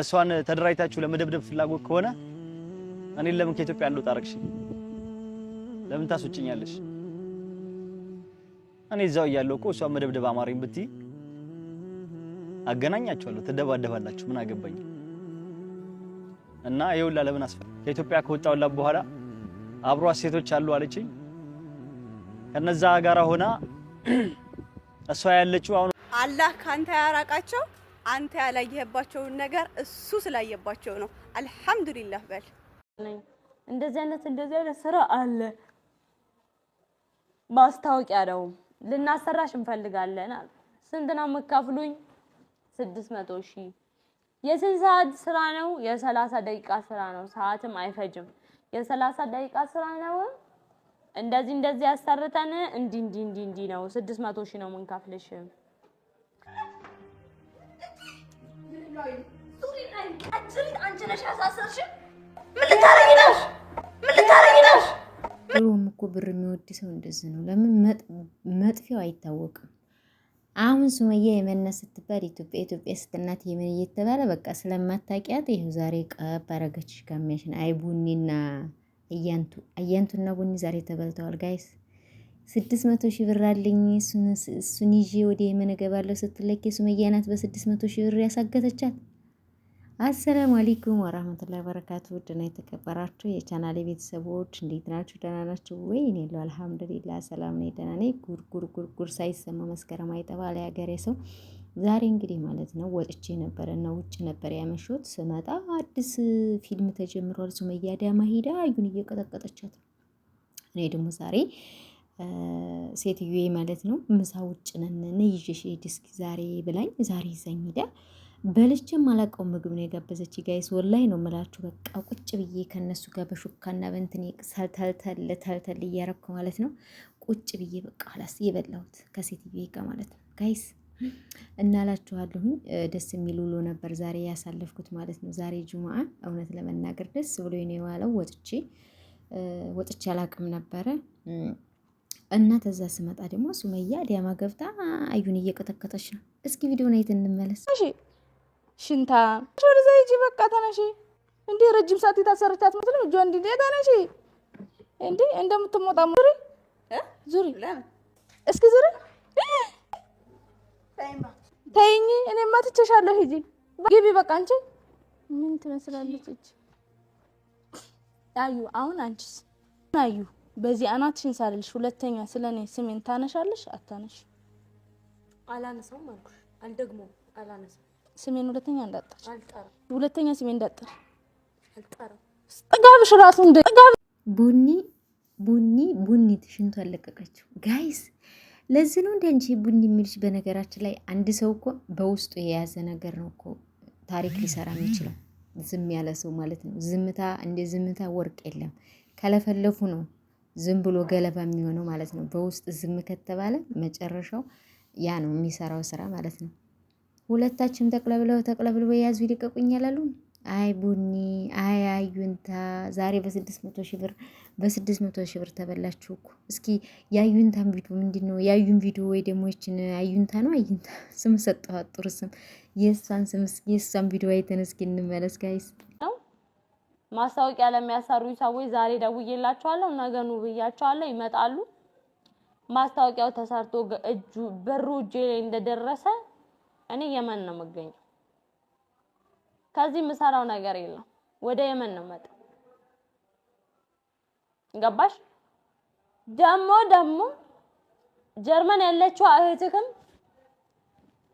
እሷን ተደራጅታችሁ ለመደብደብ ፍላጎት ከሆነ እኔን ለምን ከኢትዮጵያ እንደወጣ አደረግሽ? ለምን ታስወጭኛለሽ? እኔ እዛው እያለሁ እኮ እሷን መደብደብ አማረኝ ብትይ አገናኛቸዋለሁ፣ ትደባደባላችሁ። ምን አገባኝ? እና ይኸውላ ለምን አስፈል ከኢትዮጵያ ከወጣውላ በኋላ አብሯት ሴቶች አሉ አለችኝ። ከነዛ ጋር ሆና እሷ ያለችው አሁን አላህ ካንተ ያራቃቸው አንተ ያላየህባቸውን ነገር እሱ ስላየባቸው ነው። አልሐምዱሊላህ በል። እንደዚህ አይነት እንደዚህ አይነት ስራ አለ። ማስታወቂያ ነው ልናሰራሽ እንፈልጋለን አሉ። ስንት ነው የምከፍሉኝ? ስድስት መቶ ሺህ የስንት ሰዓት ስራ ነው? የሰላሳ ደቂቃ ስራ ነው። ሰዓትም አይፈጅም። የሰላሳ ደቂቃ ስራ ነው። እንደዚህ እንደዚህ ያሰርተን እንዲህ እንዲህ ነው። ስድስት መቶ ሺህ ነው የምንከፍልሽ ድሮም እኮ ብር የሚወድ ሰው እንደዚህ ነው። ለምን መጥፊያው አይታወቅም። አሁን ሱመያ የመነ ስትባል ኢትዮጵያ ኢትዮጵያ ስትናት የመን እየተባለ በቃ ስለማታውቂያት ይኸው ዛሬ ቀብ አረገችሽ ጋሚያሽን። አይ ቡኒና እያንቱ እያንቱና ቡኒ ዛሬ ተበልተዋል ጋይስ። ስድስት መቶ ሺህ ብር አለኝ እሱን ይዤ ወደ የመን እገባለሁ ስትለኬ ሱመያ ናት በስድስት መቶ ሺህ ብር ያሳገተቻት። አሰላሙ አለይኩም ወራህመቱላ በረካቱ። ውድና የተከበራችሁ የቻናሌ ቤተሰቦች እንዴት ናችሁ? ደህና ናችሁ ወይ? እኔ ያለው አልሐምዱሊላ ሰላም ነኝ፣ ደህና ነኝ። ጉርጉር ጉርጉር ሳይሰማ መስከረም አይጠባ ለሀገሬ ሰው። ዛሬ እንግዲህ ማለት ነው ወጥቼ ነበረ እና ውጭ ነበር ያመሾት። ስመጣ አዲስ ፊልም ተጀምሯል። ሱመያ ዳማ ሂዳ አዩን እየቀጠቀጠቻት። እኔ ደግሞ ዛሬ ሴትዮ ማለት ነው ምሳ ውጭ ነን እኔ ይዤሽ ሂድ እስኪ ዛሬ ብላኝ ዛሬ ይዘኝ ሂዳ በልቼ አላውቀው ምግብ ነው የጋበዘች ጋይስ ወላሂ ነው የምላችሁ። በቃ ቁጭ ብዬ ከነሱ ጋር በሹካና በንትን ተልተል ተልተል እያረኩ ማለት ነው ቁጭ ብዬ በቃ ኋላስ የበላሁት ከሴትዬ ጋር ማለት ነው ጋይስ እና ደስ የሚል ውሎ ነበር ዛሬ ያሳለፍኩት ማለት ነው። ዛሬ ጁሙአ እውነት ለመናገር ደስ ብሎ ነው የዋለው። ወጥቼ ወጥቼ አላውቅም ነበረ እና ተዛ ስመጣ ደግሞ ሱመያ ዲያማ ገብታ አዩን እየቀተከተች ነው። እስኪ ቪዲዮ ናይት እንመለስ። እሺ ሽንታ ወደዛ ሂጂ፣ በቃ ተነሺ። እንዴ ረጅም ሰዓት የታሰረች አትመስልም? እጇ እንዲ ተነሺ። እንዴ እንደምትሞጣ ዙሪ፣ ዙሪ፣ እስኪ ዙሪ። ተይኝ፣ እኔማ ትቼሻለሁ። ሂጂ፣ ግቢ፣ በቃ አንቺ ምን ትመስላለች? አዩ አሁን አንቺስ አዩ በዚህ አናትሽን ሳልልሽ ሁለተኛ ስለ እኔ ስሜን ታነሻለሽ? አታነሽ። አላነሳም አልኩሽ። አልደግሞም። አላነሳም። ስሜን ሁለተኛ እንዳጠር ሁለተኛ ስሜን እንዳጠር ጥጋብሽ ራሱ እንደ ጥጋብ ቡኒ ቡኒ ቡኒ ትሽንቱ አለቀቀችው። ጋይስ ለዚህ ነው እንደ አንቺ ቡኒ የሚልሽ። በነገራችን ላይ አንድ ሰው እኮ በውስጡ የያዘ ነገር ነው እኮ ታሪክ ሊሰራ የሚችለው ዝም ያለ ሰው ማለት ነው። ዝምታ እንደ ዝምታ ወርቅ የለም። ከለፈለፉ ነው ዝም ብሎ ገለባ የሚሆነው ማለት ነው። በውስጥ ዝም ከተባለ መጨረሻው ያ ነው የሚሰራው ስራ ማለት ነው። ሁለታችን ተቅለብለው ተቅለብልበው የያዙ ይልቀቁኝ ያላሉ አይ ቡኒ አይ አዩንታ ዛሬ በስድስት መቶ ሺህ ብር በስድስት መቶ ሺህ ብር ተበላችሁ እኮ። እስኪ የአዩንታን ቪዲዮ ምንድን ነው የአዩን ቪዲዮ ወይ ደግሞ ይችን አዩንታ ነው አዩንታ ስም ሰጠኋት ጥሩ ስም የእሷን ስም የእሷን ቪዲዮ አይተን እስኪ እንመለስ ጋይስ። ማስታወቂያ ለሚያሰሩኝ ሰዎች ዛሬ ደውዬላቸዋለሁ፣ ነገ ኑ ብያቸዋለሁ። ይመጣሉ። ማስታወቂያው ተሰርቶ እጁ ብሩ እጄ ላይ እንደደረሰ እኔ የመን ነው የምገኘው። ከዚህ የምሰራው ነገር የለም። ወደ የመን ነው መጣ። ገባሽ? ደሞ ደሞ ጀርመን ያለችው እህትክም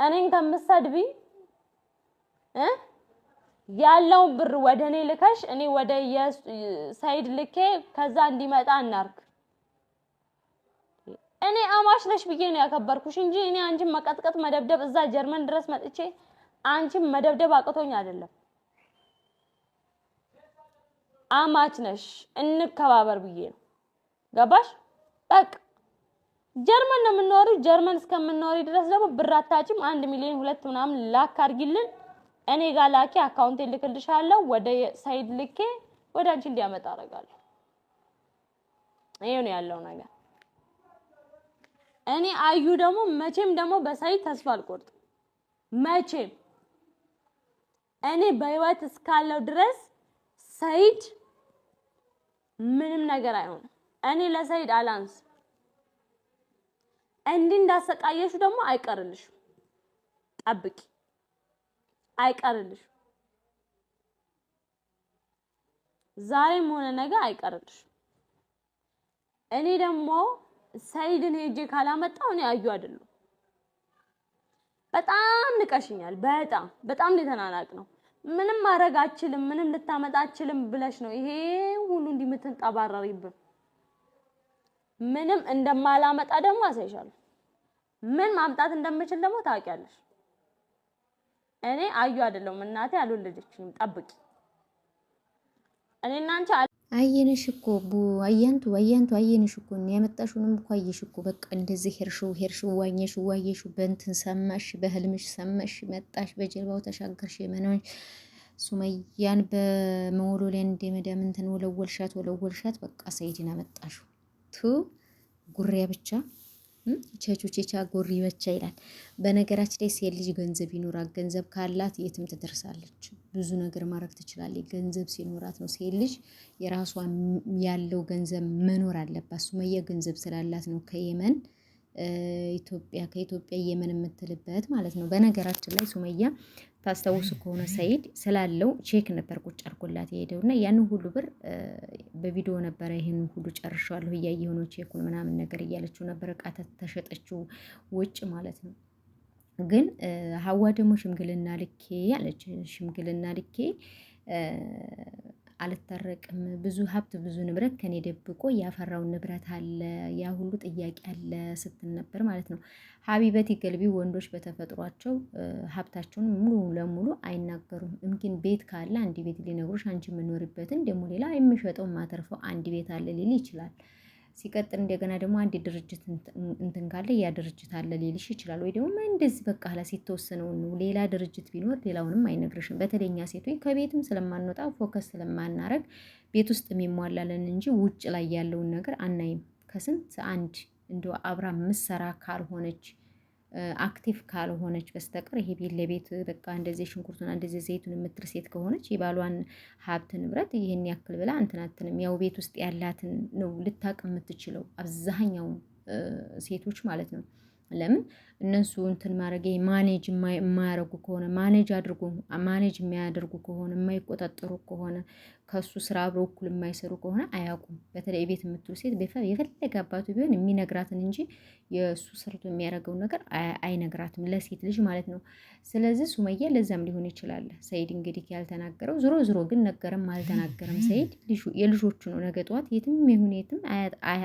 እኔን ከምትሰድቢ እ ያለውን ብር ወደ እኔ ልከሽ እኔ ወደ የሳይድ ልኬ ከዛ እንዲመጣ እናርክ እኔ አማሽ ነሽ ብዬ ነው ያከበርኩሽ እንጂ እኔ አንቺን መቀጥቀጥ መደብደብ፣ እዛ ጀርመን ድረስ መጥቼ አንቺን መደብደብ አቅቶኝ አይደለም። አማች ነሽ እንከባበር ብዬ ነው። ገባሽ? በቃ ጀርመን ነው የምንኖሩ። ጀርመን እስከምንኖሪ ድረስ ደግሞ ብር አታጭም። አንድ ሚሊዮን ሁለት ምናምን ላክ አድርጊልን። እኔ ጋር ላኪ፣ አካውንቴ ልክልሻለሁ። ወደ ሳይድ ልኬ ወደ አንቺ እንዲያመጣ አደርጋለሁ። ይሄ ነው ያለው ነገር። እኔ አዩ ደግሞ መቼም ደግሞ በሳይድ ተስፋ አልቆርጥም። መቼም እኔ በህይወት እስካለው ድረስ ሰይድ ምንም ነገር አይሆንም። እኔ ለሰይድ አላንስ እንዲህ እንዳሰቃየሽ ደግሞ አይቀርልሽም፣ ጠብቂ። አይቀርልሽ። ዛሬም ሆነ ነገ አይቀርልሽ። እኔ ደግሞ ሰይድን ሄጄ ካላመጣው እኔ አዩ አይደለሁ። በጣም ንቀሽኛል። በጣም በጣም የተናናቅ ነው። ምንም ማድረግ አችልም፣ ምንም ልታመጣ አችልም ብለሽ ነው ይሄ ሁሉ እንዲህ የምትንጠባረሪብን። ምንም እንደማላመጣ ደግሞ አሳይሻለሁ። ምን ማምጣት እንደምችል ደግሞ ታውቂያለሽ። እኔ አዩ አይደለሁም እናቴ አልወለደችኝም፣ ጠብቂ። እኔ እናንቺ አየንሽ እኮ ቡ አያንቱ አያንቱ አየንሽ እኮ ነው ያመጣሽውንም እኮ አየሽ እኮ በቃ እንደዚህ ሄርሽው ሄርሽው ዋኘሽ ዋየሽ በእንትን ሰማሽ፣ በህልምሽ ሰማሽ፣ መጣሽ፣ በጀልባው ተሻገርሽ። የመናን ሱመያን በመውሎ ላይ እንደ መዳም እንትን ወለወልሻት ወለወልሻት፣ በቃ ሰይድን አመጣሽው ቱ ጉሪያ ብቻ ቸቹቼቻ ጎሪ በቻ ይላል። በነገራችን ላይ ሴት ልጅ ገንዘብ ይኖራት፣ ገንዘብ ካላት የትም ትደርሳለች፣ ብዙ ነገር ማድረግ ትችላለች። ገንዘብ ሲኖራት ነው ሴት ልጅ የራሷን ያለው ገንዘብ መኖር አለባት። ሱመያ ገንዘብ ስላላት ነው ከየመን ኢትዮጵያ ከኢትዮጵያ የመን የምትልበት ማለት ነው። በነገራችን ላይ ሱመያ ታስታውሱ ከሆነ ሰይድ ስላለው ቼክ ነበር ቁጭ አድርጎላት የሄደው እና ያንን ሁሉ ብር በቪዲዮ ነበረ። ይህን ሁሉ ጨርሻለሁ እያየሁ ነው ቼኩን ምናምን ነገር እያለችው ነበር። እቃ ተሸጠችው ውጭ ማለት ነው። ግን ሀዋ ደግሞ ሽምግልና ልኬ አለች። ሽምግልና ልኬ አልታረቅም ብዙ ሀብት ብዙ ንብረት ከኔ ደብቆ ያፈራውን ንብረት አለ ያ ሁሉ ጥያቄ አለ ስትል ነበር ማለት ነው። ሀቢበት ገልቢ ወንዶች በተፈጥሯቸው ሀብታቸውን ሙሉ ለሙሉ አይናገሩም። እምኪን ቤት ካለ አንድ ቤት ሊነግሮች አንቺ የምኖርበትን ደግሞ ሌላ የምሸጠው ማተርፈው አንድ ቤት አለ ሊል ይችላል። ሲቀጥል እንደገና ደግሞ አንድ ድርጅት እንትን ካለ ያ ድርጅት አለ ሌልሽ ይችላል። ወይ ደግሞ እንደዚህ በቃ ላ ሲተወሰነው ነው። ሌላ ድርጅት ቢኖር ሌላውንም አይነግርሽም። በተለይኛ ሴቶች ከቤትም ስለማንወጣ ፎከስ ስለማናረግ ቤት ውስጥ የሚሟላለን እንጂ ውጭ ላይ ያለውን ነገር አናይም። ከስንት አንድ እንደ አብራ ምሰራ ካልሆነች አክቲቭ ካልሆነች በስተቀር ይሄ ቤት ለቤት በቃ እንደዚህ ሽንኩርቱን እንደዚህ ዘይቱን የምትር ሴት ከሆነች የባሏን ሀብት ንብረት ይህን ያክል ብላ እንትናትንም ያው ቤት ውስጥ ያላትን ነው ልታቅ የምትችለው አብዛኛው ሴቶች ማለት ነው። ለምን እነሱ እንትን ማድረግ ማኔጅ የማያደርጉ ከሆነ ማኔጅ አድርጎ ማኔጅ የሚያደርጉ ከሆነ የማይቆጣጠሩ ከሆነ ከሱ ስራ አብረው እኩል የማይሰሩ ከሆነ አያውቁም። በተለይ ቤት የምትሉ ሴት የፈለገ አባቱ ቢሆን የሚነግራትን እንጂ የእሱ ሰርቶ የሚያደርገውን ነገር አይነግራትም፣ ለሴት ልጅ ማለት ነው። ስለዚህ ሱመያ ለዛም ሊሆን ይችላል ሰይድ እንግዲህ ያልተናገረው። ዝሮ ዝሮ ግን ነገረም አልተናገረም ሰይድ የልጆቹ ነው። ነገ ጠዋት የትም ይሁን የትም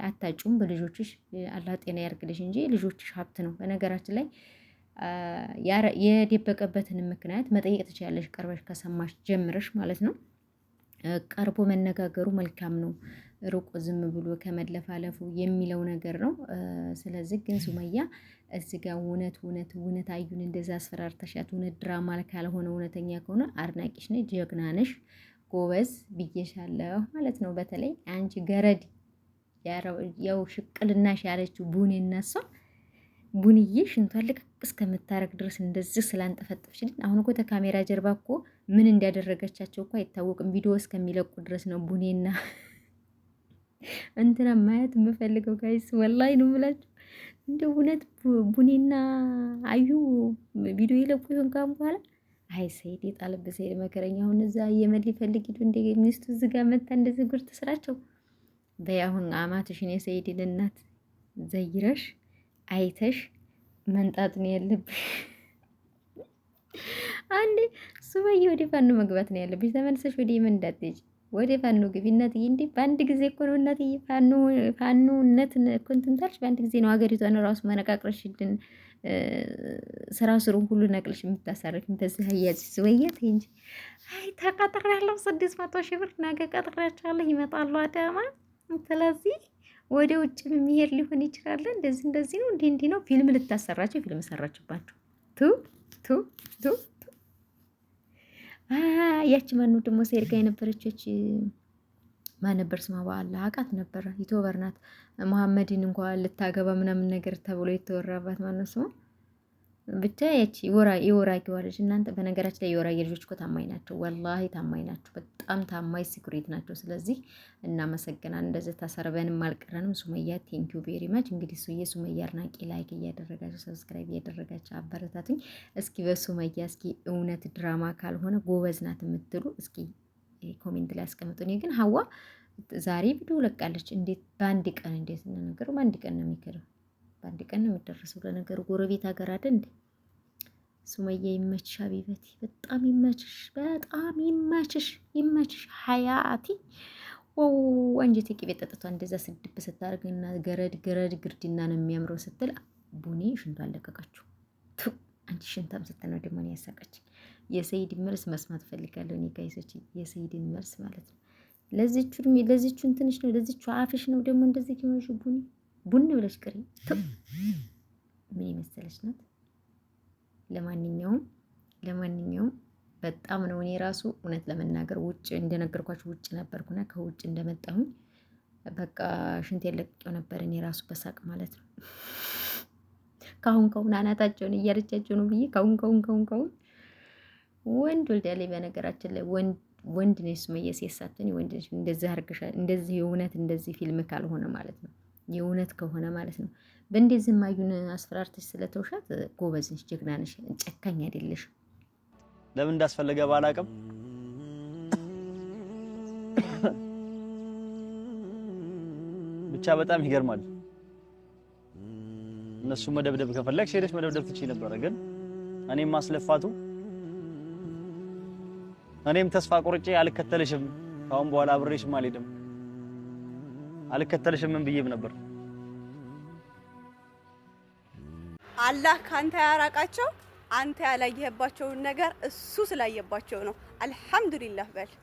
አታጩም። በልጆችሽ አላህ ጤና ያርግልሽ እንጂ ልጆችሽ ሀብት ነው በነገራችን በነገራችን ላይ የደበቀበትን ምክንያት መጠየቅ ትችላለሽ፣ ቀርበሽ ከሰማሽ ጀምረሽ ማለት ነው። ቀርቦ መነጋገሩ መልካም ነው፣ ርቆ ዝም ብሎ ከመለፋለፉ የሚለው ነገር ነው። ስለዚህ ግን ሱመያ እዚህ ጋር እውነት እውነት እውነት አዩን እንደዛ አስፈራርተሻት፣ እውነት ድራማ ካልሆነ እውነተኛ ከሆነ አድናቂሽ ነሽ፣ ጀግና ነሽ፣ ጎበዝ ብዬሻለሁ ማለት ነው። በተለይ አንቺ ገረድ ያው ሽቅልናሽ ያለችው ቡኔ እናሷ ቡንዬ ሽንቷን ልቅ እስከምታረግ ድረስ እንደዚህ ስላንጠፈጠፍች፣ ግን አሁን እኮ ተካሜራ ጀርባ እኮ ምን እንዲያደረገቻቸው እኮ አይታወቅም። ቪዲዮ እስከሚለቁ ድረስ ነው ቡኔና እንትና ማየት የምፈልገው ጋይስ፣ ወላሂ ነው የምላችሁ። እንደ እውነት ቡኔና አዩ ቪዲዮ ይለቁ ይሆን ካሁን በኋላ? አይ ሰይድ የጣለብህ ሰይድ መከረኛ። አሁን እዛ የመድ ሊፈልግ ሂዱ እንደ ሚስቱ እዚህ መታ እንደዚህ ጉር ትስራቸው። በይ አሁን አማትሽን የሰይድን እናት ዘይረሽ አይተሽ መንጣት ነው ያለብሽ። አንዴ ሱመያ ወደ ፋኖ መግባት ነው ያለብሽ። ተመልሰሽ ወደ የመን እንዳትሄጂ፣ ወደ ፋኖ ግቢ። እናትዬ እንዴ በአንድ ጊዜ እኮ ነው እናትዬ። ፋኖነት እኮ እንትን ታልሽ በአንድ ጊዜ ነው ሀገሪቷን ራሱ መነቃቅረሽ ድን ስራ ስሩን ሁሉ ነቅልሽ የምታሳርፍ እንደዚህ አያዝ ሱመያ ተይ እንጂ። አይ ተቀጥሬያለሁ፣ ስድስት መቶ ሺህ ብር ነገ ቀጥሬያቸዋለሁ፣ ይመጣሉ አዳማ ስለዚህ ወደ ውጭ የሚሄድ ሊሆን ይችላል። እንደዚህ እንደዚህ ነው፣ እንዲህ እንዲህ ነው። ፊልም ልታሰራቸው ፊልም ሰራችባቸው። ቱ ቱ ቱ ያቺ ማኑ ደግሞ ሰይድ ጋር የነበረች ማን ነበር? ስማ በአላ አቃት ነበረ። ኢትዮበር ናት። መሐመድን እንኳ ልታገባ ምናምን ነገር ተብሎ የተወራባት ማነው ስሟ? ብቻ ያቺ ወራ የወራጊ ዋልጅ እናንተ በነገራችን ላይ የወራጊ ልጆች እኮ ታማኝ ናቸው። ወላሂ ታማኝ ናቸው። በጣም ታማኝ ሲኩሪት ናቸው። ስለዚህ እናመሰግናል። እንደዚህ ታሰርበንም አልቀረንም። ሱመያ ቴንኪዩ ቬሪ ማች። እንግዲህ ሱየ ሱመያ አድናቂ ላይክ እያደረጋቸው ሰብስክራይብ እያደረጋቸው አበረታትኝ። እስኪ በሱመያ እስኪ እውነት ድራማ ካልሆነ ጎበዝ ናት የምትሉ እስኪ ኮሜንት ላይ አስቀምጡ። እኔ ግን ሀዋ ዛሬ ቪዲዮ ለቃለች። እንዴት በአንድ ቀን እንዴት ነው ነገሩ? በአንድ ቀን ነው የሚከደው በአንድ ቀን ነው የምደረሰው። ለነገሩ ጎረቤት ሀገር አይደል እንዴ? ሱመያ ይመችሽ፣ አቢበቲ በጣም ይመችሽ፣ በጣም ይመችሽ፣ ይመችሽ ሀያቲ ወው አንጀቴ ቅቤ ጠጥቷ እንደዛ ስድብ ስታደርግና ገረድ ገረድ ግርድና ነው የሚያምረው ስትል ቡኔ ሽንቱ አለቀቀችው። አንቺ ሽንታም ስትል ነው ደግሞ ያሳቀች። የሰይድ መልስ መስማት ፈልጋለሁ እኔ ጋይሶች፣ የሰይድን መልስ ማለት ነው። ለዚቹ ለዚቹን ትንሽ ነው ለዚቹ አፍሽ ነው ደግሞ እንደዚህ ሆነሽ ቡኔ ቡን ብለሽ ቅሪ። ምን የመሰለች ናት። ለማንኛውም ለማንኛውም በጣም ነው። እኔ ራሱ እውነት ለመናገር ውጭ እንደነገርኳችሁ ውጭ ነበርኩና ከውጭ እንደመጣሁኝ በቃ ሽንት የለቅቄው ነበር። እኔ ራሱ በሳቅ ማለት ነው። ካሁን ካሁን አናታቸውን እያለቻቸው ነው ብዬ ካሁን ካሁን ካሁን ካሁን ወንድ ወልዳ ላይ በነገራችን ላይ ወንድ ወንድ ነሽ ሱመያ፣ ሴት ሳትሆን ወንድ ነሽ። እንደዚህ አርግሻል፣ እንደዚህ እውነት እንደዚህ ፊልም ካልሆነ ማለት ነው። የእውነት ከሆነ ማለት ነው። በእንዴት ማዩን አስፈራርተሽ ስለተውሻት ጎበዝ ነሽ፣ ጀግና ነሽ፣ ጨካኝ አይደለሽ። ለምን እንዳስፈለገ ባላቅም ብቻ በጣም ይገርማል። እነሱ መደብደብ ከፈለግሽ ሄደሽ መደብደብ ትችይ ነበረ፣ ግን እኔም ማስለፋቱ እኔም ተስፋ ቁርጬ አልከተልሽም፣ ካሁን በኋላ አብሬሽም አልሄድም አልከተልሽም ምን ብዬም ነበር። አላህ ካንተ ያራቃቸው አንተ ያላየህባቸውን ነገር እሱ ስላየባቸው ነው። አልሐምዱሊላህ በል